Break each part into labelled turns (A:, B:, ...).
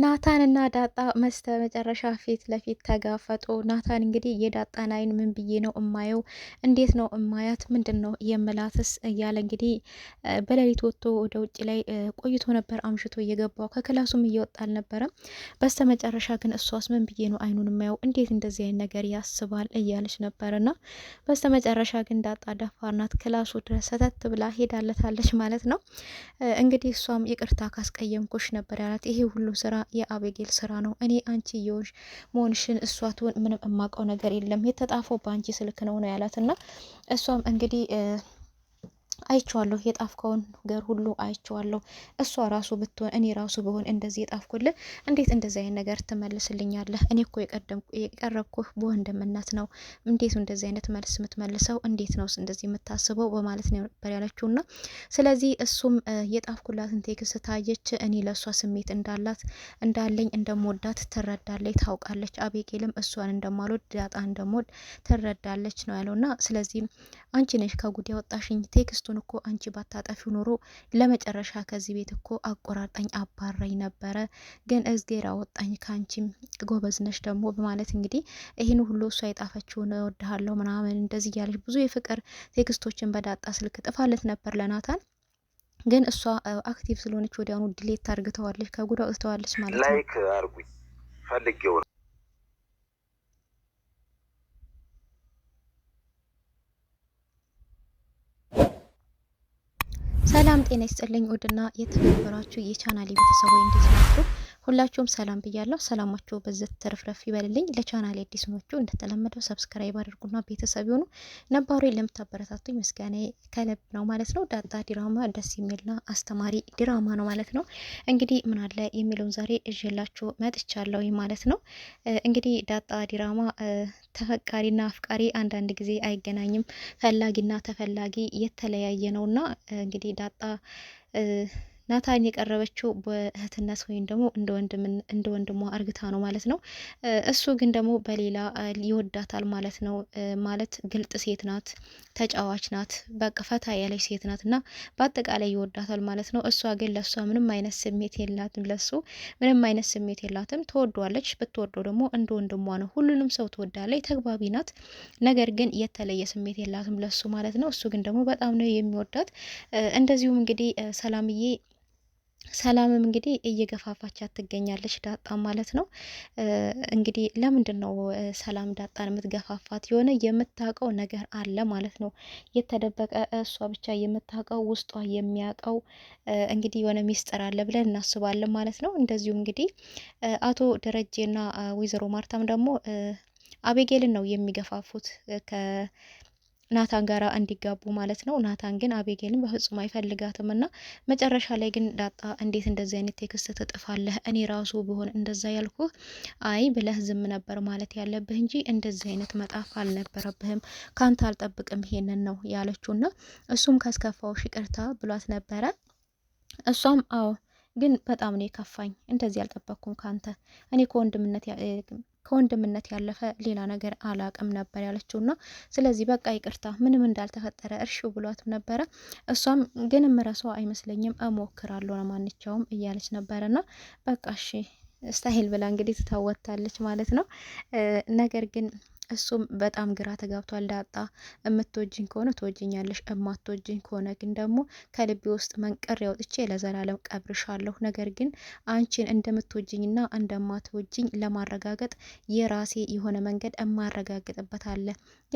A: ናታን እና ዳጣ መስተ መጨረሻ ፊት ለፊት ተጋፈጡ። ናታን እንግዲህ የዳጣን አይን ምን ብዬ ነው እማየው? እንዴት ነው እማያት? ምንድን ነው የምላትስ? እያለ እንግዲህ በሌሊት ወጥቶ ወደ ውጭ ላይ ቆይቶ ነበር። አምሽቶ እየገባው ከክላሱም እየወጣ አልነበረም። በስተ መጨረሻ ግን እሷስ ምን ብዬ ነው አይኑን እማየው? እንዴት እንደዚህ አይነት ነገር ያስባል? እያለች ነበርና በስተ መጨረሻ ግን ዳጣ ደፋር ናት። ክላሱ ድረስ ሰተት ብላ ሄዳለታለች ማለት ነው። እንግዲህ እሷም ይቅርታ ካስቀየምኩሽ ነበር ያላት። ይሄ ሁሉ ስራ የአቤጌል ስራ ነው። እኔ አንቺ የሆንሽ መሆንሽን እሷቱን ምንም የማውቀው ነገር የለም የተጣፈው በአንቺ ስልክ ነው ነው ያላት እና እሷም እንግዲህ አይቼዋለሁ፣ የጣፍከውን ነገር ሁሉ አይቼዋለሁ። እሷ ራሱ ብትሆን እኔ ራሱ ብሆን እንደዚህ የጣፍኩልህ እንዴት እንደዚህ አይነት ነገር ትመልስልኛለህ? እኔ እኮ የቀረብኩህ በወንድም እናት ነው። እንዴት እንደዚህ አይነት መልስ የምትመልሰው? እንዴት ነው እንደዚህ የምታስበው? በማለት ነበር ያለችው ና ስለዚህ እሱም የጣፍኩላትን ቴክስት ታየች። እኔ ለእሷ ስሜት እንዳላት እንዳለኝ እንደምወዳት ትረዳለች፣ ታውቃለች። አቤቄልም እሷን እንደማልወድ ዳጣ እንደምወድ ትረዳለች ነው ያለው ና ስለዚህ አንቺ ነሽ ከጉድ ያወጣሽኝ ቴክስቱ እሱን እኮ አንቺ ባታጠፊ ኖሮ ለመጨረሻ ከዚህ ቤት እኮ አቆራርጠኝ አባረኝ ነበረ፣ ግን እዝጌር አወጣኝ፣ ከአንቺም ጎበዝነሽ ደግሞ በማለት እንግዲህ ይህን ሁሉ እሷ የጣፈችውን እወድሃለሁ ምናምን እንደዚህ እያለች ብዙ የፍቅር ቴክስቶችን በዳጣ ስልክ ጥፋለት ነበር ለናታን። ግን እሷ አክቲቭ ስለሆነች ወዲያውኑ ዲሌት አድርገዋለች፣ ከጉዳ ወጥተዋለች ማለት ነው። ላይክ አርጉኝ ፈልጌው ጤና ይስጥልኝ ውድና የተከበራችሁ የቻናሌ ቤተሰቦች እንዴት ናችሁ? ሁላችሁም ሰላም ብያለሁ። ሰላማችሁ በዘት ተረፍረፍ ይበልልኝ። ለቻናል አዲስ ሆናችሁ እንደተለመደው ሰብስክራይብ አድርጉና ቤተሰብ ይሁኑ። ነባሩ ለምታበረታቱኝ ምስጋና ከልብ ነው ማለት ነው። ዳጣ ዲራማ ደስ የሚልና አስተማሪ ዲራማ ነው ማለት ነው። እንግዲህ ምን አለ የሚለውን ዛሬ እዤላችሁ መጥቻለሁ ማለት ነው። እንግዲህ ዳጣ ዲራማ ተፈቃሪና አፍቃሪ አንዳንድ ጊዜ አይገናኝም፣ ፈላጊና ተፈላጊ የተለያየ ነውና እንግዲህ ዳጣ ናታን የቀረበችው በእህትነት ወይም ደግሞ እንደ ወንድሟ አርግታ ነው ማለት ነው። እሱ ግን ደግሞ በሌላ ይወዳታል ማለት ነው። ማለት ግልጥ ሴት ናት፣ ተጫዋች ናት፣ በቃ ፈታ ያለች ሴት ናት እና በአጠቃላይ ይወዳታል ማለት ነው። እሷ ግን ለእሷ ምንም አይነት ስሜት የላትም፣ ለሱ ምንም አይነት ስሜት የላትም። ትወዷለች፣ ብትወደው ደግሞ እንደ ወንድሟ ነው። ሁሉንም ሰው ትወዳለች፣ ተግባቢ ናት። ነገር ግን የተለየ ስሜት የላትም ለሱ ማለት ነው። እሱ ግን ደግሞ በጣም ነው የሚወዳት። እንደዚሁም እንግዲህ ሰላምዬ ሰላምም እንግዲህ እየገፋፋቻት ትገኛለች ዳጣ ማለት ነው። እንግዲህ ለምንድን ነው ሰላም ዳጣን የምትገፋፋት? የሆነ የምታውቀው ነገር አለ ማለት ነው። የተደበቀ እሷ ብቻ የምታውቀው ውስጧ የሚያውቀው እንግዲህ የሆነ ሚስጥር አለ ብለን እናስባለን ማለት ነው። እንደዚሁም እንግዲህ አቶ ደረጀና ወይዘሮ ማርታም ደግሞ አቤጌልን ነው የሚገፋፉት ናታን ጋር እንዲጋቡ ማለት ነው። ናታን ግን አቤጌልን በፍጹም አይፈልጋትም እና መጨረሻ ላይ ግን ዳጣ እንዴት እንደዚህ አይነት ቴክስት ትጥፋለህ? እኔ ራሱ ብሆን እንደዛ ያልኩህ አይ ብለህ ዝም ነበር ማለት ያለብህ እንጂ እንደዚህ አይነት መጣፍ አልነበረብህም። ካንተ አልጠብቅም ይሄንን ነው ያለችው እና እሱም ካስከፋው ሽቅርታ ብሏት ነበረ። እሷም አዎ ግን በጣም ነው የከፋኝ። እንደዚህ አልጠበቅኩም ካንተ እኔ ከወንድምነት ከወንድምነት ያለፈ ሌላ ነገር አላቅም ነበር ያለችውና ስለዚህ በቃ ይቅርታ ምንም እንዳልተፈጠረ እርሺው ብሏትም ነበረ። እሷም ግን ምረሷ አይመስለኝም እሞክራለሁ ለማንኛውም እያለች ነበረና በቃ እሺ ስታይል ብላ እንግዲህ ትታወታለች ማለት ነው ነገር ግን እሱም በጣም ግራ ተጋብቷል። ዳጣ እምትወጅኝ ከሆነ ትወጅኛለሽ፣ እማትወጅኝ ከሆነ ግን ደግሞ ከልቤ ውስጥ መንቀር ያውጥቼ ለዘላለም ቀብርሻለሁ። ነገር ግን አንቺን እንደምትወጅኝና እንደማትወጅኝ ለማረጋገጥ የራሴ የሆነ መንገድ እማረጋግጥበት አለ።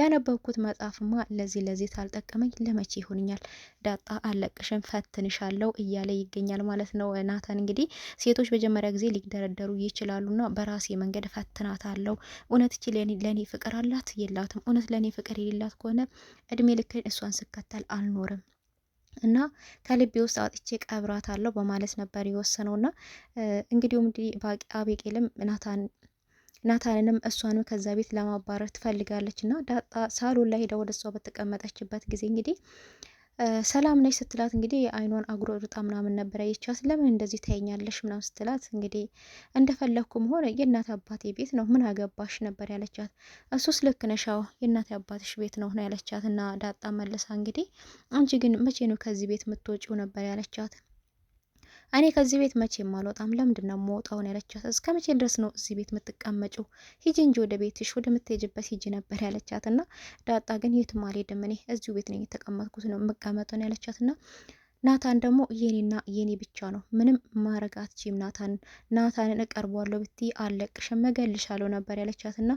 A: ያነበብኩት መጽሐፍማ ለዚህ ለዚህ ታልጠቀመኝ ለመቼ ይሆንኛል? ዳጣ አለቅሽን ፈትንሻለሁ እያለ ይገኛል ማለት ነው። ናታን እንግዲህ ሴቶች መጀመሪያ ጊዜ ሊደረደሩ ይችላሉና በራሴ መንገድ ፈትናታለሁ እውነት ለኔ ፍቅር ፍቅር አላት የላትም? እውነት ለእኔ ፍቅር የሌላት ከሆነ እድሜ ልክን እሷን ስከተል አልኖርም እና ከልቤ ውስጥ አውጥቼ ቀብራት አለው በማለት ነበር የወሰነው። እና እንግዲሁም አቤቄልም ናታን ናታንንም እሷንም ከዛ ቤት ለማባረር ትፈልጋለች እና ዳጣ ሳሎን ላይ ሄደ ወደ እሷ በተቀመጠችበት ጊዜ እንግዲህ ሰላም ነች ስትላት እንግዲህ አጉሮ እርጣ ምናምን ነበረ ይቻት ለምን እንደዚህ ታየኛለሽ ምናምን ስትላት እንግዲህ እንደፈለግኩ መሆን የእናት አባቴ ቤት ነው ምን አገባሽ ነበር ያለቻት። እሱስ ልክ ነሻው የእናት አባትሽ ቤት ነው ነው ያለቻት እና ዳጣ መለሳ እንግዲህ አንቺ ግን መቼ ነው ከዚህ ቤት የምትወጪው ነበር ያለቻት። እኔ ከዚህ ቤት መቼም አልወጣም፣ ለምንድን ነው የምወጣው ነው ያለቻት። እስከ መቼ ድረስ ነው እዚህ ቤት የምትቀመጪው? ሂጂ እንጂ ወደ ቤትሽ፣ ወደምትሄጂበት ሂጂ ነበር ያለቻት። እና ዳጣ ግን የትም አልሄድም እኔ እዚሁ ቤት ነኝ የተቀመጥኩት ነው የምቀመጠው ነው ያለቻት እና ናታን ደግሞ የኔና የኔ ብቻ ነው፣ ምንም ማድረግ አትችም። ናታን ናታንን እቀርቧለሁ ብትይ አለቅሽም እገልሻለሁ ነበር ያለቻትና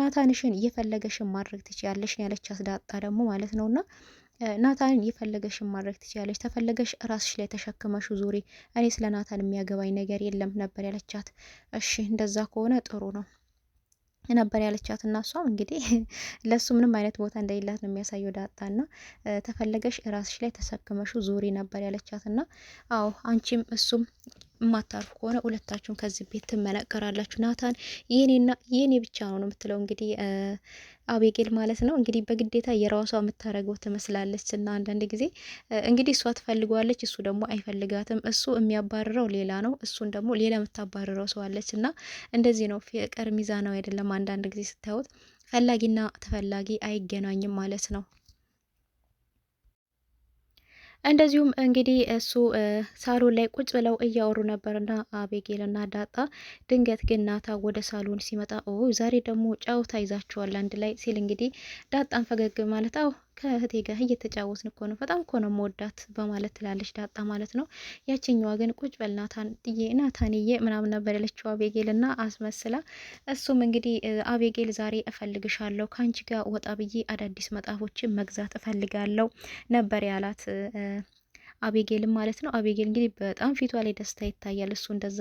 A: ናታንሽን እየፈለገሽን ማድረግ ትችያለሽ ያለቻት ዳጣ ደግሞ ማለት ነውና ናታንን የፈለገሽን ማድረግ ትችላለች፣ ተፈለገሽ ራስሽ ላይ ተሸክመሽ ዙሪ፣ እኔ ስለ ናታን የሚያገባኝ ነገር የለም ነበር ያለቻት። እሺ እንደዛ ከሆነ ጥሩ ነው ነበር ያለቻት እና እሷም እንግዲህ ለእሱ ምንም አይነት ቦታ እንደሌላት ነው የሚያሳየው ዳጣ እና ተፈለገሽ ራስሽ ላይ ተሸክመሽ ዙሪ ነበር ያለቻት እና አዎ አንቺም እሱም ማታርፍ ከሆነ ሁለታችሁን ከዚህ ቤት ትመነቀራላችሁ። ናታን የኔና የኔ ብቻ ነው ነው የምትለው እንግዲህ አቤጌል ማለት ነው እንግዲህ በግዴታ የራሷ የምታደርገው ትመስላለች። እና አንዳንድ ጊዜ እንግዲህ እሷ ትፈልገዋለች፣ እሱ ደግሞ አይፈልጋትም። እሱ የሚያባርረው ሌላ ነው፣ እሱን ደግሞ ሌላ የምታባርረው ሰው አለች። እና እንደዚህ ነው ፍቅር፣ ሚዛናዊ አይደለም። አንዳንድ ጊዜ ስታዩት ፈላጊና ተፈላጊ አይገናኝም ማለት ነው። እንደዚሁም እንግዲህ እሱ ሳሎን ላይ ቁጭ ብለው እያወሩ ነበርና አቤጌልና ዳጣ ድንገት ግን ናታ ወደ ሳሎን ሲመጣ ዛሬ ደግሞ ጨዋታ ይዛችኋል አንድ ላይ ሲል እንግዲህ ዳጣን ፈገግ ማለት አዎ ከእህቴ ጋር እየተጫወትን እኮ ነው፣ በጣም እኮ ነው መወዳት በማለት ትላለች ዳጣ ማለት ነው። ያችኛዋ ግን ቁጭ በል ናታንዬ ናታንዬ ምናምን ነበር ያለችው አቤጌልና አስመስላ። እሱም እንግዲህ አቤጌል ዛሬ እፈልግሻለሁ፣ ከአንቺ ጋር ወጣ ብዬ አዳዲስ መጽሐፎችን መግዛት እፈልጋለሁ ነበር ያላት አቤጌልም ማለት ነው። አቤጌል እንግዲህ በጣም ፊቷ ላይ ደስታ ይታያል እሱ እንደዛ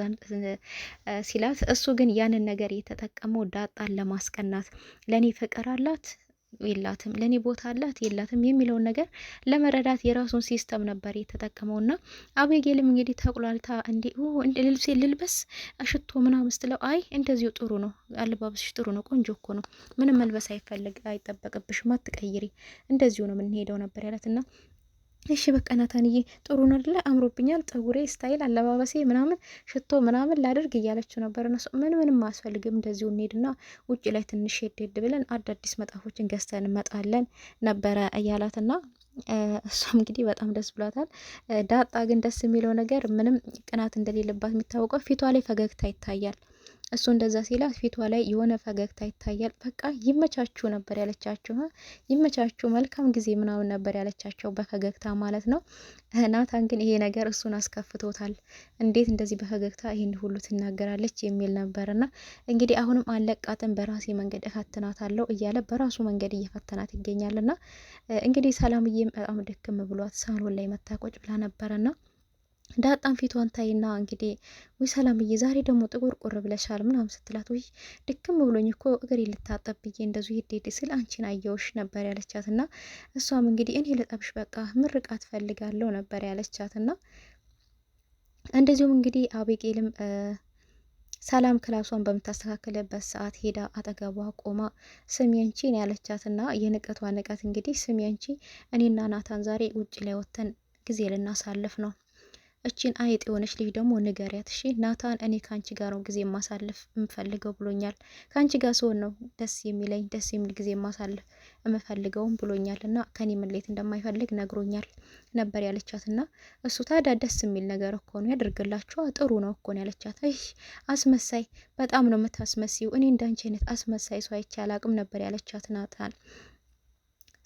A: ሲላት፣ እሱ ግን ያንን ነገር የተጠቀመው ዳጣን ለማስቀናት ለእኔ ፍቅር አላት የላትም ለእኔ ቦታ አላት የላትም የሚለውን ነገር ለመረዳት የራሱን ሲስተም ነበር የተጠቀመውና አቤጌልም እንግዲህ ተቁላልታ እንዲ ልብሴ ልልበስ ሽቶ ምናምን ስትለው አይ እንደዚሁ ጥሩ ነው አለባበስሽ ጥሩ ነው ቆንጆ እኮ ነው ምንም መልበስ አይፈልግ አይጠበቅብሽም አትቀይሪ እንደዚሁ ነው የምንሄደው ነበር ያላት ና እሺ በቃ ናታንዬ ጥሩ ነው አይደለ? አምሮብኛል፣ ፀጉሬ ስታይል፣ አለባበሴ ምናምን ሽቶ ምናምን ላድርግ እያለችው ነበር። እነሱ ምን ምንም አያስፈልግም፣ እንደዚሁ እንሄድና ውጭ ላይ ትንሽ ሄድ ሄድ ብለን አዳዲስ መጣፎችን ገዝተን እንመጣለን ነበረ እያላትና እሷም እንግዲህ በጣም ደስ ብሏታል። ዳጣ ግን ደስ የሚለው ነገር ምንም ቅናት እንደሌለባት የሚታወቀው ፊቷ ላይ ፈገግታ ይታያል። እሱ እንደዛ ሲላት ፊቷ ላይ የሆነ ፈገግታ ይታያል። በቃ ይመቻችሁ ነበር ያለቻችሁ፣ ይመቻችሁ፣ መልካም ጊዜ ምናምን ነበር ያለቻቸው በፈገግታ ማለት ነው። ናታን ግን ይሄ ነገር እሱን አስከፍቶታል። እንዴት እንደዚህ በፈገግታ ይህን ሁሉ ትናገራለች የሚል ነበርና እንግዲህ አሁንም አለቃትን በራሴ መንገድ እፈትናታለሁ እያለ በራሱ መንገድ እየፈተናት ይገኛልና እንግዲህ ሰላምዬም በጣም ድክም ብሏት ሳሎን ላይ መታቆጭ ብላ ነበረና ዳጣን ፊቷን ታይና እንግዲህ ወይ ሰላምዬ ዛሬ ደግሞ ጥቁር ቁር ብለሻል ምናምን ስትላት፣ ወይ ድክም ብሎኝ እኮ እግሬ ልታጠብ ብዬ እንደዚሁ ሄድ ስል አንቺን አየውሽ ነበር ያለቻት እሷም እንግዲህ እኔ ልጠብሽ በቃ ምርቃት ፈልጋለሁ ነበር ያለቻት እንደዚሁም እንግዲህ አቤቄልም ሰላም ክላሷን በምታስተካክልበት ሰዓት ሄዳ አጠገቧ ቆማ ስሚ አንቺን ያለቻትና የንቀቷ ንቀት እንግዲህ ስሚ አንቺ እኔና ናታን ዛሬ ውጭ ላይ ወተን ጊዜ ልናሳልፍ ነው እቺን አይጥ የሆነች ልጅ ደግሞ ንገሪያት እሺ፣ ናታን እኔ ከአንቺ ጋር ነው ጊዜ ማሳለፍ የምፈልገው ብሎኛል። ከአንቺ ጋር ስሆን ነው ደስ የሚለኝ ደስ የሚል ጊዜ ማሳለፍ የምፈልገውም ብሎኛል እና ከኔ ምሌት እንደማይፈልግ ነግሮኛል ነበር ያለቻት እና እሱ ታዲያ ደስ የሚል ነገር እኮ ነው ያደርግላችኋ፣ ጥሩ ነው እኮ ነው ያለቻት። አይ አስመሳይ፣ በጣም ነው የምታስመስዩ። እኔ እንዳንቺ አይነት አስመሳይ ሰው አይቼ አላቅም ነበር ያለቻት ናታን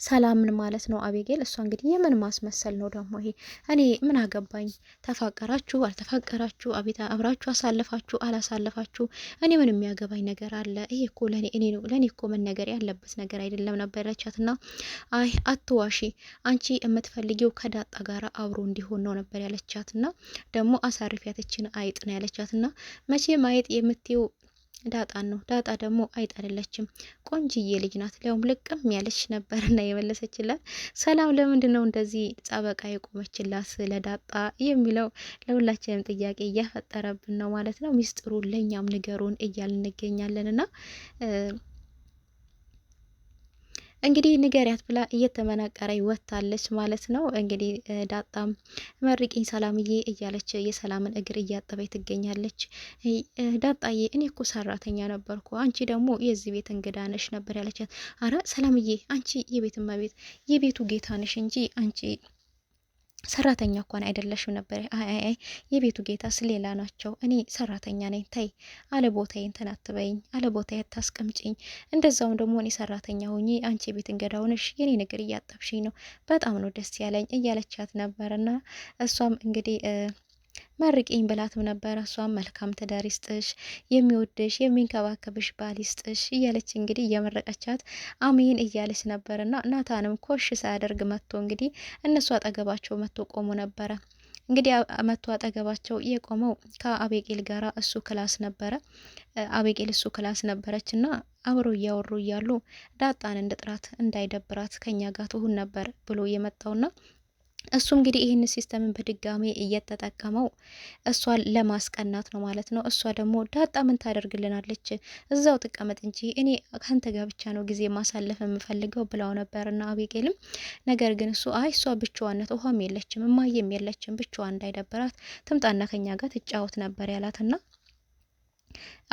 A: ሰላምን ማለት ነው አቤጌል። እሷ እንግዲህ የምን ማስመሰል ነው ደግሞ ይሄ? እኔ ምን አገባኝ፣ ተፋቀራችሁ አልተፋቀራችሁ፣ አቤት አብራችሁ አሳለፋችሁ አላሳለፋችሁ እኔ ምን የሚያገባኝ ነገር አለ? ይሄ እኮ ለእኔ እኔ ነው ለእኔ እኮ መነገር ያለበት ነገር አይደለም ነበረቻት ና አይ አትዋሺ፣ አንቺ የምትፈልጊው ከዳጣ ጋር አብሮ እንዲሆን ነው ነበር ያለቻት ና ደግሞ አሳርፊያትችን አይጥ ነው ያለቻት ና መቼም አይጥ የምትይው ዳጣን ነው። ዳጣ ደግሞ አይጥ አይደለችም፣ ቆንጅዬ ልጅ ናት። ሊያውም ልቅም ያለች ነበርና የመለሰችላት። ሰላም ለምንድን ነው እንደዚህ ጸበቃ የቆመችላት ስለ ዳጣ የሚለው ለሁላችንም ጥያቄ እያፈጠረብን ነው ማለት ነው። ሚስጥሩ ለእኛም ንገሩን እያልን እንገኛለንና እንግዲህ ንገሪያት ብላ እየተመናቀረ ወጥታለች ማለት ነው። እንግዲህ ዳጣም መርቂኝ ሰላምዬ እያለች የሰላምን እግር እያጠበ ትገኛለች። ዳጣዬ እኔ እኮ ሰራተኛ ነበርኩ፣ አንቺ ደግሞ የዚህ ቤት እንግዳ ነሽ ነበር ያለቻት። አረ ሰላምዬ አንቺ የቤት እመቤት የቤቱ ጌታ ነሽ እንጂ አንቺ ሰራተኛ እኳን አይደለሽም ነበር። አይ የቤቱ ጌታስ ሌላ ናቸው። እኔ ሰራተኛ ነኝ። ተይ አለ ቦታዬን ተናትበኝ፣ አለ ቦታዬ ታስቀምጭኝ። እንደዛውም ደግሞ እኔ ሰራተኛ ሆኜ አንቺ የቤት እንግዳ ሆነሽ የኔ ነገር እያጠብሽኝ ነው። በጣም ነው ደስ ያለኝ እያለቻት ነበርና እሷም እንግዲህ መርቂኝ ብላትም ነበር። እሷም መልካም ትዳር ይስጥሽ፣ የሚወድሽ የሚንከባከብሽ ባል ይስጥሽ እያለች እንግዲህ እየመረቀቻት አሜን እያለች ነበር እና ናታንም ኮሽ ሳያደርግ መጥቶ እንግዲህ እነሱ አጠገባቸው መጥቶ ቆሙ ነበረ። እንግዲህ መጥቶ አጠገባቸው የቆመው ከአቤቄል ጋራ እሱ ክላስ ነበረ። አቤቄል እሱ ክላስ ነበረች እና አብሮ እያወሩ እያሉ ዳጣን እንድጥራት እንዳይደብራት ከኛ ጋር ትሁን ነበር ብሎ የመጣውና እሱ እንግዲህ ይህን ሲስተምን በድጋሚ እየተጠቀመው እሷን ለማስቀናት ነው ማለት ነው። እሷ ደግሞ ዳጣ ምን ታደርግልናለች? እዛው ትቀመጥ እንጂ እኔ ከአንተ ጋር ብቻ ነው ጊዜ ማሳለፍ የምፈልገው ብለው ነበር እና አቤጌልም ነገር ግን እሱ አይ እሷ ብቻዋነት ውሃም የለችም እማየም የለችም ብቻዋ እንዳይደበራት ትምጣና ከኛ ጋር ትጫወት ነበር ያላት እና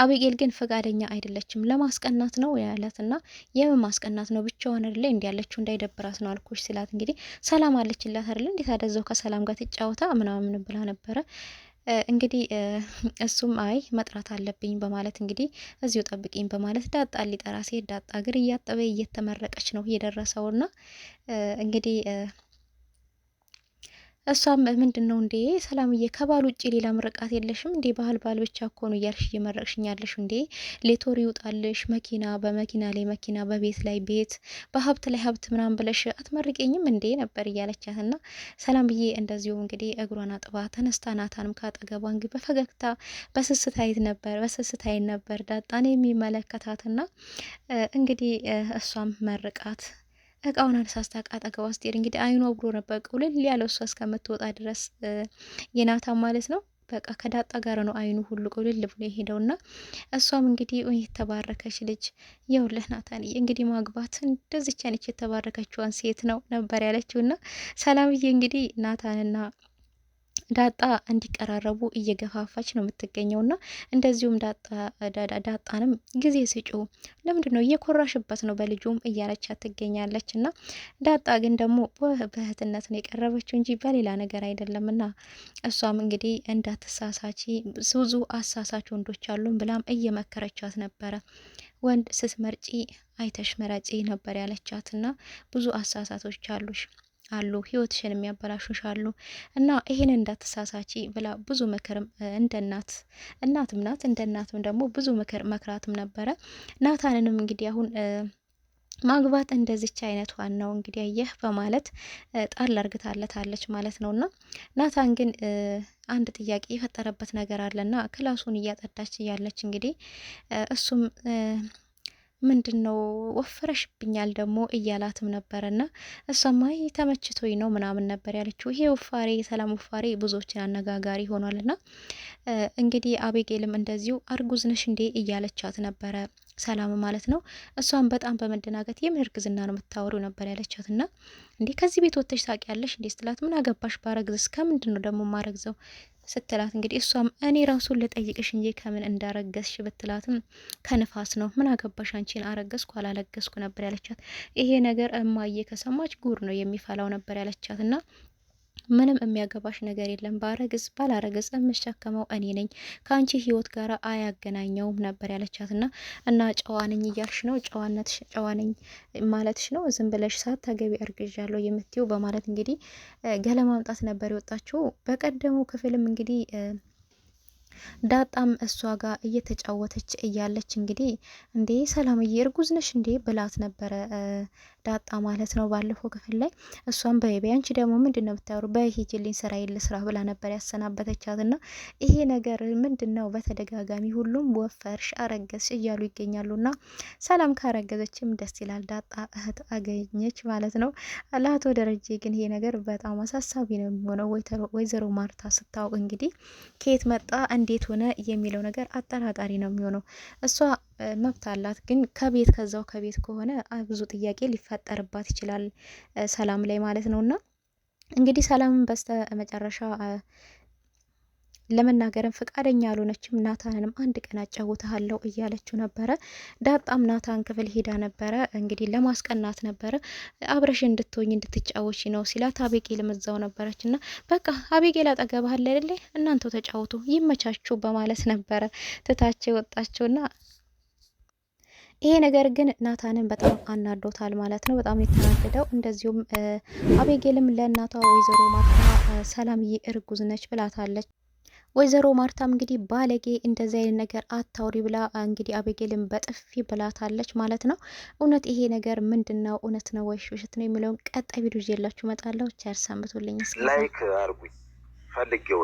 A: አቤጌል ግን ፈቃደኛ አይደለችም። ለማስቀናት ነው ያላት እና የምን ማስቀናት ነው ብቻዋን አይደለ እንዲ ያለችው እንዳይደብራት ነው አልኩሽ ስላት እንግዲህ ሰላም አለችላት አይደለ እንዴት አደዘው ከሰላም ጋር ትጫወታ ምናምን ብላ ነበረ። እንግዲህ እሱም አይ መጥራት አለብኝ በማለት እንግዲህ እዚሁ ጠብቂኝ በማለት ዳጣ ሊጠራ ሲሄድ ዳጣ እግር እያጠበ እየተመረቀች ነው የደረሰውና እንግዲህ እሷም ምንድን ነው እንዴ ሰላምዬ፣ ከባል ውጭ ሌላ ምርቃት የለሽም እንዴ? ባህል ባል ብቻ እኮ ነው እያልሽ እየመረቅሽኝ ያለሽ እንዴ? ሌቶር ይውጣልሽ፣ መኪና በመኪና ላይ መኪና፣ በቤት ላይ ቤት፣ በሀብት ላይ ሀብት ምናምን ብለሽ አትመርቄኝም እንዴ ነበር እያለቻት ና ሰላምዬ፣ እንደዚሁ እንግዲህ እግሯን አጥባ ተነስታ ናታንም ካጠገቧ እንግዲህ በፈገግታ በስስት አይት ነበር በስስት አይን ነበር ዳጣን የሚመለከታት ና እንግዲህ እሷም መርቃት እቃውን አነሳስታ አጠገቧ ስትሄድ እንግዲህ አይኑ አብሮ ነበር ቁልል ያለው እሷ እስከምትወጣ ድረስ የናታ ማለት ነው። በቃ ከዳጣ ጋር ነው አይኑ ሁሉ ቁልል ብሎ የሄደው እና እሷም እንግዲህ ወይ የተባረከች ልጅ የውልህ ናታን እንግዲህ ማግባት እንደዚች አይነች የተባረከችዋን ሴት ነው ነበር ያለችው እና ሰላምዬ እንግዲህ ናታንና ዳጣ እንዲቀራረቡ እየገፋፋች ነው የምትገኘው እና እንደዚሁም ዳጣንም ጊዜ ስጪው ለምንድን ነው እየኮራሽበት ነው በልጁም እያለች ትገኛለች። እና ዳጣ ግን ደግሞ በእህትነት ነው የቀረበችው እንጂ በሌላ ነገር አይደለም። እና እሷም እንግዲህ እንዳትሳሳች ብዙ አሳሳች ወንዶች አሉን ብላም እየመከረቻት ነበረ። ወንድ ስትመርጪ አይተሽ መረጪ ነበር እና ብዙ አሳሳቶች አሉሽ አሉ፣ ህይወትሽን የሚያበላሹሽ አሉ እና ይሄን እንዳትሳሳቺ ብላ ብዙ ምክርም እንደ እናት እናትም ናት እንደ እናትም ደግሞ ብዙ ምክር መክራትም ነበረ። ናታንንም እንግዲህ አሁን ማግባት እንደዚች አይነቷን ነው እንግዲህ ይህ በማለት ጣል አርግታለታለች ማለት ነውና ናታን ግን አንድ ጥያቄ የፈጠረበት ነገር አለና ክላሱን እያጠዳች እያለች እንግዲህ እሱም ምንድን ነው ወፈረሽብኛል ደግሞ እያላትም ነበረ ነበረና እሷማ ተመችቶኝ ነው ምናምን ነበር ያለችው። ይሄ ውፋሬ የሰላም ውፋሬ ብዙዎችን አነጋጋሪ ሆኗል። ና እንግዲህ አቤጌልም እንደዚሁ አርጉዝ ነሽ እንዴ እያለቻት ነበረ ሰላም ማለት ነው። እሷም በጣም በመደናገት የምን እርግዝና ነው የምታወሩ ነበር ያለቻት ና እንዴ ከዚህ ቤት ወጥተሽ ታውቂያለሽ እንዴ ስትላት ምን አገባሽ ባረግዝ እስከ ምንድን ነው ደግሞ ማረግዘው ስትላት እንግዲህ እሷም እኔ ራሱን ልጠይቅሽ እንጂ ከምን እንዳረገዝሽ ብትላትም ከንፋስ ነው ምን አገባሽ አንቺን አረገዝኩ አላረገዝኩ ነበር ያለቻት። ይሄ ነገር እማዬ ከሰማች ጉር ነው የሚፈላው ነበር ያለቻት እና ምንም የሚያገባሽ ነገር የለም። ባረግዝ ባላረግዝ የምሸከመው እኔ ነኝ፣ ከአንቺ ህይወት ጋር አያገናኘውም ነበር ያለቻት ና እና ጨዋነኝ እያልሽ ነው ጨዋነትሽ ጨዋነኝ ማለትሽ ነው ዝም ብለሽ ሳት ተገቢ እርግዣለሁ የምትይው በማለት እንግዲህ ገለ ማምጣት ነበር የወጣችው። በቀደመው ክፍልም እንግዲህ ዳጣም እሷ ጋር እየተጫወተች እያለች እንግዲህ እንዴ ሰላምዬ እርጉዝ ነሽ እንዴ ብላት ነበረ ዳጣ ማለት ነው። ባለፈው ክፍል ላይ እሷም በይቤ አንቺ ደግሞ ምንድን ነው ብታወሩ በሂጅልኝ ስራ የለ ስራ ብላ ነበር ያሰናበተቻት ና ይሄ ነገር ምንድን ነው? በተደጋጋሚ ሁሉም ወፈርሽ፣ አረገዝሽ እያሉ ይገኛሉ። ና ሰላም ካረገዘችም ደስ ይላል። ዳጣ እህት አገኘች ማለት ነው። ለአቶ ደረጀ ግን ይሄ ነገር በጣም አሳሳቢ ነው የሚሆነው። ወይዘሮ ማርታ ስታውቅ እንግዲህ ከየት መጣ እንዴት ሆነ የሚለው ነገር አጠራጣሪ ነው የሚሆነው እሷ መብት አላት። ግን ከቤት ከዛው ከቤት ከሆነ ብዙ ጥያቄ ሊፈጠርባት ይችላል ሰላም ላይ ማለት ነው። እና እንግዲህ ሰላምን በስተ መጨረሻ ለመናገርም ፈቃደኛ ያልሆነችም ናታንንም አንድ ቀን አጫውትሃለሁ እያለችው ነበረ። ዳጣም ናታን ክፍል ሄዳ ነበረ እንግዲህ ለማስቀናት ነበረ አብረሽ እንድትሆኝ እንድትጫወች ነው ሲላት፣ አቤቄልም እዛው ነበረች እና በቃ አቤቄል አጠገብህ አለ እናንተው ተጫወቱ ይመቻችሁ በማለት ነበረ ትታቸው ወጣቸውና ይሄ ነገር ግን ናታንን በጣም አናዶታል ማለት ነው። በጣም የተናደደው እንደዚሁም አቤጌልም ለእናቷ ወይዘሮ ማርታ ሰላምዬ እርጉዝ ነች ብላታለች። ወይዘሮ ማርታም እንግዲህ ባለጌ እንደዚህ አይነት ነገር አታውሪ ብላ እንግዲህ አቤጌልን በጥፊ ብላታለች ማለት ነው። እውነት ይሄ ነገር ምንድን ነው? እውነት ነው ወይስ ውሸት ነው የሚለውን ቀጣይ ቪዲዮ ይዤላችሁ እመጣለሁ። ቸር ሰንብቱልኝ። ላይክ አርጉኝ ፈልጌው